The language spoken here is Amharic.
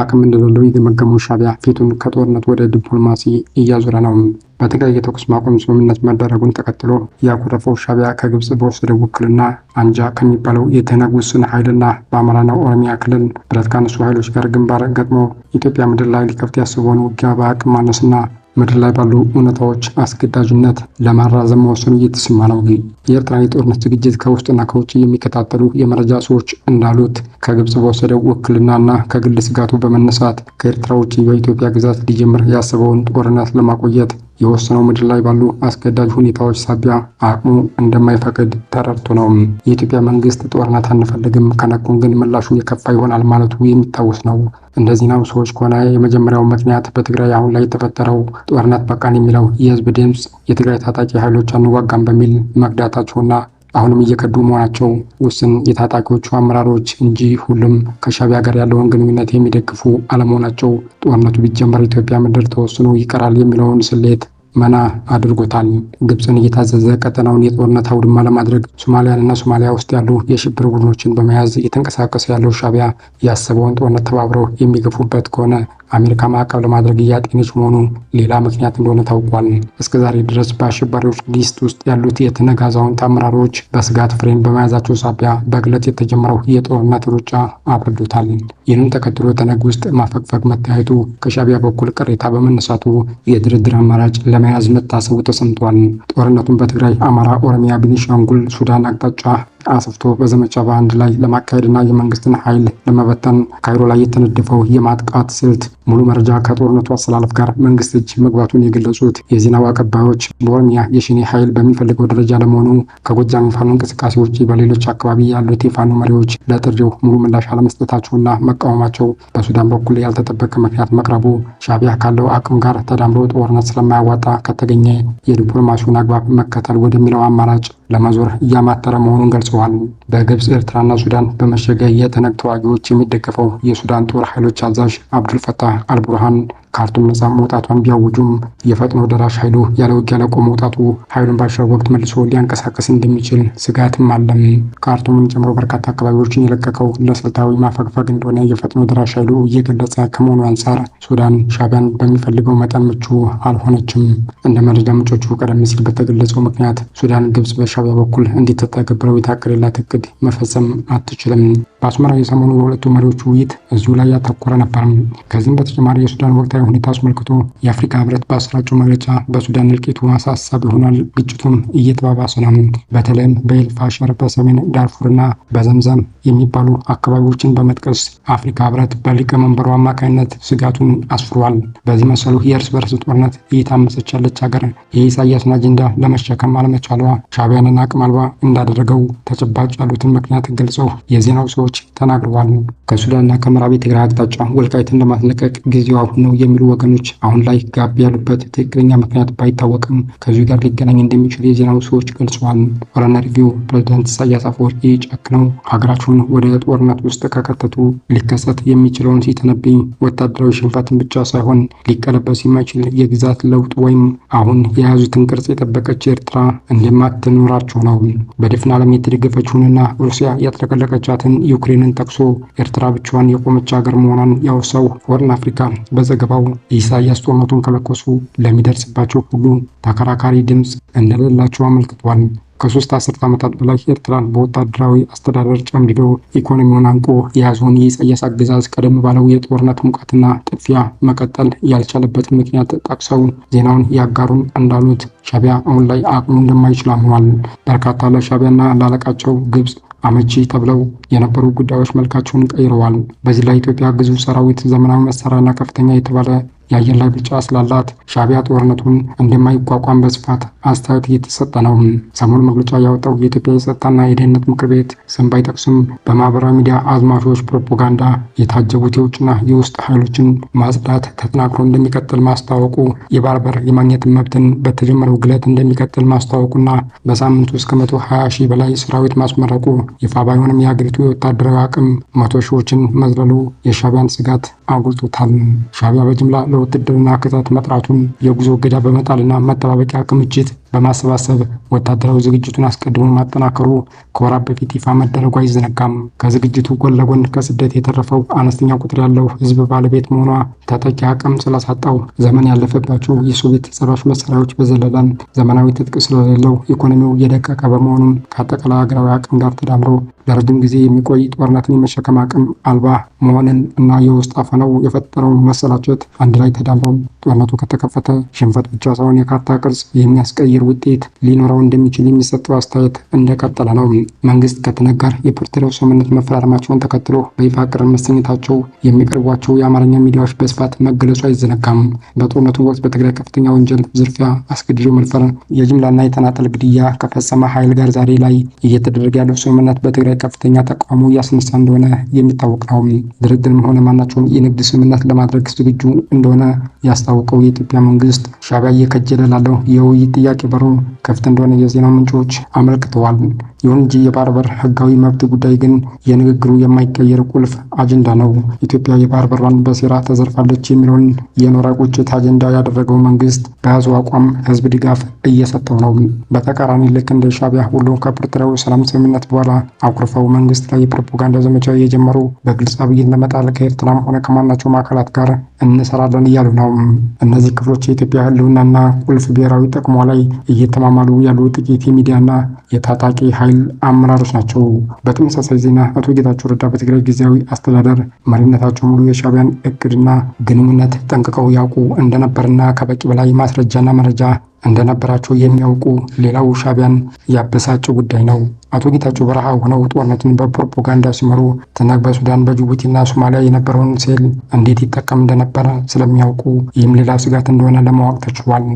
አቅም እንደሌለው የገመገመው ሻቢያ ፊቱን ከጦርነት ወደ ዲፕሎማሲ እያዞረ ነው። በትግራይ የተኩስ ማቆም ስምምነት መደረጉን ተከትሎ ያኮረፈው ሻቢያ ከግብፅ በወሰደ ውክልና አንጃ ከሚባለው የተናግ ውስን ኃይልና በአማራና ኦሮሚያ ክልል ብረት ካነሱ ኃይሎች ጋር ግንባር ገጥሞ ኢትዮጵያ ምድር ላይ ሊከፍት ያስበውን ውጊያ በአቅም ማነስና ምድር ላይ ባሉ እውነታዎች አስገዳጅነት ለማራዘም መወሰኑ እየተሰማ ነው። ግን የኤርትራን የጦርነት ዝግጅት ከውስጥና ከውጭ የሚከታተሉ የመረጃ ሰዎች እንዳሉት ከግብጽ በወሰደው ውክልናና ከግል ስጋቱ በመነሳት ከኤርትራ ውጭ በኢትዮጵያ ግዛት ሊጀምር ያሰበውን ጦርነት ለማቆየት የወሰነው ምድር ላይ ባሉ አስገዳጅ ሁኔታዎች ሳቢያ አቅሙ እንደማይፈቅድ ተረድቶ ነው። የኢትዮጵያ መንግስት ጦርነት አንፈልግም ከነኩን ግን ምላሹ የከፋ ይሆናል ማለቱ የሚታወስ ነው። እንደዚህ ነው ሰዎች ከሆነ የመጀመሪያው ምክንያት በትግራይ አሁን ላይ የተፈጠረው ጦርነት በቃን የሚለው የህዝብ ድምፅ የትግራይ ታጣቂ ኃይሎች አንዋጋም በሚል መግዳታቸውና አሁንም እየከዱ መሆናቸው ውስን የታጣቂዎቹ አመራሮች እንጂ ሁሉም ከሻቢያ ጋር ያለውን ግንኙነት የሚደግፉ አለመሆናቸው ጦርነቱ ቢጀመር ኢትዮጵያ ምድር ተወስኖ ይቀራል የሚለውን ስሌት መና አድርጎታል። ግብፅን እየታዘዘ ቀጠናውን የጦርነት አውድማ ለማድረግ ሶማሊያንና ሶማሊያ ውስጥ ያሉ የሽብር ቡድኖችን በመያዝ እየተንቀሳቀሰ ያለው ሻቢያ ያሰበውን ጦርነት ተባብረው የሚገፉበት ከሆነ አሜሪካ ማዕቀብ ለማድረግ እያጤነች መሆኑ ሌላ ምክንያት እንደሆነ ታውቋል። ዛሬ ድረስ በአሸባሪዎች ሊስት ውስጥ ያሉት የትነግ አዛውንት አመራሮች በስጋት ፍሬም በመያዛቸው ሳቢያ በግለት የተጀመረው የጦርነት ሩጫ አብርዶታል። ይህንም ተከትሎ ተነግ ውስጥ ማፈግፈግ መታየቱ ከሻቢያ በኩል ቅሬታ በመነሳቱ የድርድር አማራጭ ለመያዝ መታሰቡ ተሰምቷል። ጦርነቱን በትግራይ፣ አማራ፣ ኦሮሚያ፣ ቤኒሻንጉል፣ ሱዳን አቅጣጫ አስፍቶ በዘመቻ ባንድ ላይ ለማካሄድና የመንግስትን ኃይል ለመበተን ካይሮ ላይ የተነደፈው የማጥቃት ስልት ሙሉ መረጃ ከጦርነቱ አሰላለፍ ጋር መንግስት እጅ መግባቱን የገለጹት የዜናው አቀባዮች በኦሮሚያ የሽኔ ኃይል በሚፈልገው ደረጃ ለመሆኑ ከጎጃም የፋኖ እንቅስቃሴ ውጭ በሌሎች አካባቢ ያሉት የፋኖ መሪዎች ለጥሪው ሙሉ ምላሽ አለመስጠታቸውና መቃወማቸው በሱዳን በኩል ያልተጠበቀ ምክንያት መቅረቡ ሻቢያ ካለው አቅም ጋር ተዳምሮ ጦርነት ስለማያዋጣ ከተገኘ የዲፕሎማሲውን አግባብ መከተል ወደሚለው አማራጭ ለማዞር እያማተረ መሆኑን ገልጸዋል። በግብፅ ኤርትራና ሱዳን በመሸገ የተነግ ተዋጊዎች የሚደገፈው የሱዳን ጦር ኃይሎች አዛዥ አብዱልፈታህ አልቡርሃን ካርቱም ነፃ መውጣቷን ቢያውጁም የፈጥኖ ደራሽ ኃይሉ ያለ ውጊያ ለቆ መውጣቱ ኃይሉን ባሻው ወቅት መልሶ ሊያንቀሳቀስ እንደሚችል ስጋትም አለም። ካርቱምን ጨምሮ በርካታ አካባቢዎችን የለቀቀው ለስልታዊ ማፈግፈግ እንደሆነ የፈጥኖ ደራሽ ኃይሉ እየገለጸ ከመሆኑ አንጻር ሱዳን ሻቢያን በሚፈልገው መጠን ምቹ አልሆነችም። እንደ መረጃ ምንጮቹ ቀደም ሲል በተገለጸው ምክንያት ሱዳን ግብጽ በሻቢያ በኩል እንዲተተገብረው የታቀደላት እቅድ መፈጸም አትችልም። በአስመራ የሰሞኑ የሁለቱ መሪዎች ውይይት እዚሁ ላይ ያተኮረ ነበርም። ከዚህም በተጨማሪ የሱዳን ወቅታዊ ሁኔታ አስመልክቶ የአፍሪካ ህብረት በአሰራጩ መግለጫ በሱዳን እልቂቱ አሳሳቢ ይሆናል፣ ግጭቱም እየተባባሰ ነው፣ በተለይም በኤልፋሸር በሰሜን ዳርፉርና በዘምዘም የሚባሉ አካባቢዎችን በመጥቀስ አፍሪካ ህብረት በሊቀመንበሩ አማካኝነት ስጋቱን አስፍሯል። በዚህ መሰሉ የእርስ በርስ ጦርነት እየታመሰች ያለች ሀገር የኢሳያስን አጀንዳ ለመሸከም አለመቻሏ ሻቢያንን አቅም አልባ እንዳደረገው ተጨባጭ ያሉትን ምክንያት ገልጸው የዜናው ሰዎች ተናግረዋል። ከሱዳንና ከምዕራብ የትግራይ አቅጣጫ ወልቃይትን ለማስለቀቅ ጊዜው አሁን ነው የሚሉ ወገኖች አሁን ላይ ጋብ ያሉበት ትክክለኛ ምክንያት ባይታወቅም ከዚሁ ጋር ሊገናኝ እንደሚችል የዜናው ሰዎች ገልጸዋል። ኦሮነሪቪው ፕሬዚደንት ኢሳያስ አፈወርቂ ጨክነው ሀገራቸውን ጦሩን ወደ ጦርነት ውስጥ ከከተቱ ሊከሰት የሚችለውን ሲተነብኝ ወታደራዊ ሽንፈትን ብቻ ሳይሆን ሊቀለበስ የማይችል የግዛት ለውጥ ወይም አሁን የያዙትን ቅርጽ የጠበቀች ኤርትራ እንደማትኖራቸው ነው። በድፍን ዓለም የተደገፈችውንና ሩሲያ ያጥለቀለቀቻትን ዩክሬንን ጠቅሶ ኤርትራ ብቻዋን የቆመች ሀገር መሆኗን ያወሳው ሆርን አፍሪካ በዘገባው ኢሳያስ ጦርነቱን ከለኮሱ ለሚደርስባቸው ሁሉ ተከራካሪ ድምፅ እንደሌላቸው አመልክቷል። ከሶስት አስርት ዓመታት በላይ ኤርትራን በወታደራዊ አስተዳደር ጨምድዶ ኢኮኖሚውን አንቆ የያዘውን የኢሳያስ አገዛዝ ቀደም ባለው የጦርነት ሙቀትና ጥፊያ መቀጠል ያልቻለበትን ምክንያት ጠቅሰው ዜናውን ያጋሩን እንዳሉት ሻቢያ አሁን ላይ አቅሙ እንደማይችል አምኗል። በርካታ ለሻቢያና ላለቃቸው ግብፅ አመቺ ተብለው የነበሩ ጉዳዮች መልካቸውን ቀይረዋል። በዚህ ላይ ኢትዮጵያ ግዙፍ ሰራዊት፣ ዘመናዊ መሳሪያና ከፍተኛ የተባለ የአየር ላይ ብልጫ ስላላት ሻቢያ ጦርነቱን እንደማይቋቋም በስፋት አስተያየት እየተሰጠ ነው። ሰሞኑ መግለጫ ያወጣው የኢትዮጵያ የጸጥታና የደህንነት ምክር ቤት ስም ባይጠቅስም በማህበራዊ ሚዲያ አዝማሾች ፕሮፓጋንዳ የታጀቡት የውጭና የውስጥ ኃይሎችን ማጽዳት ተጠናክሮ እንደሚቀጥል ማስታወቁ የባርበር የማግኘት መብትን በተጀመረው ግለት እንደሚቀጥል ማስታወቁና በሳምንቱ እስከ መቶ ሀያ ሺህ በላይ ሰራዊት ማስመረቁ ይፋ ባይሆንም የሀገሪቱ የወታደራዊ አቅም መቶ ሺዎችን መዝለሉ የሻቢያን ስጋት አጉልጦታል። ሻቢያ በጅምላ በውትድርና ክተት መጥራቱን የጉዞ እገዳ በመጣልና መጠባበቂያ ክምችት በማሰባሰብ ወታደራዊ ዝግጅቱን አስቀድሞ ማጠናከሩ ከወራት በፊት ይፋ መደረጉ አይዘነጋም። ከዝግጅቱ ጎን ለጎን ከስደት የተረፈው አነስተኛ ቁጥር ያለው ሕዝብ ባለቤት መሆኗ ታጣቂ አቅም ስላሳጣው ዘመን ያለፈባቸው የሶቪየት ሰራሽ መሳሪያዎች በዘለለም ዘመናዊ ትጥቅ ስለሌለው ኢኮኖሚው እየደቀቀ በመሆኑም ከአጠቃላይ ሀገራዊ አቅም ጋር ተዳምሮ ለረጅም ጊዜ የሚቆይ ጦርነትን የመሸከም አቅም አልባ መሆንን እና የውስጥ አፈነው የፈጠረው መሰላቸት አንድ ላይ ተዳምረው ጦርነቱ ከተከፈተ ሽንፈት ብቻ ሳይሆን የካርታ ቅርጽ የሚያስቀይ የአየር ውጤት ሊኖረው እንደሚችል የሚሰጠው አስተያየት እንደቀጠለ ነው። መንግስት ከትነግ ጋር የፕሪቶሪያው ስምምነት መፈራረማቸውን ተከትሎ በይፋ ቅር መሰኘታቸው የሚቀርቧቸው የአማርኛ ሚዲያዎች በስፋት መገለጹ አይዘነጋም። በጦርነቱ ወቅት በትግራይ ከፍተኛ ወንጀል፣ ዝርፊያ፣ አስገድዶ መድፈር፣ የጅምላና የተናጠል ግድያ ከፈጸመ ኃይል ጋር ዛሬ ላይ እየተደረገ ያለው ስምምነት በትግራይ ከፍተኛ ተቃውሞ እያስነሳ እንደሆነ የሚታወቅ ነው። ድርድርም ሆነ ማናቸውን የንግድ ስምምነት ለማድረግ ዝግጁ እንደሆነ ያስታወቀው የኢትዮጵያ መንግስት ሻቢያ እየከጀለ ላለው የውይይት ጥያቄ በሩ ክፍት እንደሆነ የዜና ምንጮች አመልክተዋል። ይሁን እንጂ የባህር በር ህጋዊ መብት ጉዳይ ግን የንግግሩ የማይቀየር ቁልፍ አጀንዳ ነው። ኢትዮጵያ የባህር በሯን በሴራ ተዘርፋለች የሚለውን የኖራ ቁጭት አጀንዳ ያደረገው መንግስት በያዘው አቋም ህዝብ ድጋፍ እየሰጠው ነው። በተቃራኒ ልክ እንደ ሻቢያ ሁሉ ከፕሪቶሪያው ሰላም ስምምነት በኋላ አኩርፈው መንግስት ላይ የፕሮፓጋንዳ ዘመቻ እየጀመሩ በግልጽ አብይን ለመጣል ከኤርትራም ሆነ ከማናቸውም አካላት ጋር እንሰራለን እያሉ ነው። እነዚህ ክፍሎች የኢትዮጵያ ህልውናና ቁልፍ ብሔራዊ ጥቅሟ ላይ እየተማማሉ ያሉ ጥቂት የሚዲያና የታጣቂ ኃይል አመራሮች ናቸው። በተመሳሳይ ዜና አቶ ጌታቸው ረዳ በትግራይ ጊዜያዊ አስተዳደር መሪነታቸው ሙሉ የሻቢያን እቅድና ግንኙነት ጠንቅቀው ያውቁ እንደነበርና ከበቂ በላይ ማስረጃና መረጃ እንደነበራቸው የሚያውቁ ሌላው ሻቢያን ያበሳጨው ጉዳይ ነው። አቶ ጌታቸው በረሃ ሆነው ጦርነቱን በፕሮፓጋንዳ ሲመሩ ትናግ በሱዳን በጅቡቲና ሶማሊያ የነበረውን ሴል እንዴት ይጠቀም እንደነበረ ስለሚያውቁ ይህም ሌላ ስጋት እንደሆነ ለማወቅ ተችሏል።